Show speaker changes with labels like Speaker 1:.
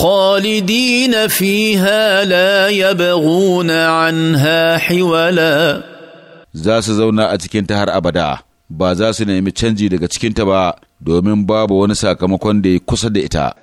Speaker 1: خالدين فيها لا يبغون عنها حولا za su zauna a cikin ta har abada ba za su nemi canji daga cikinta ba domin babu wani sakamakon da ya kusa da ita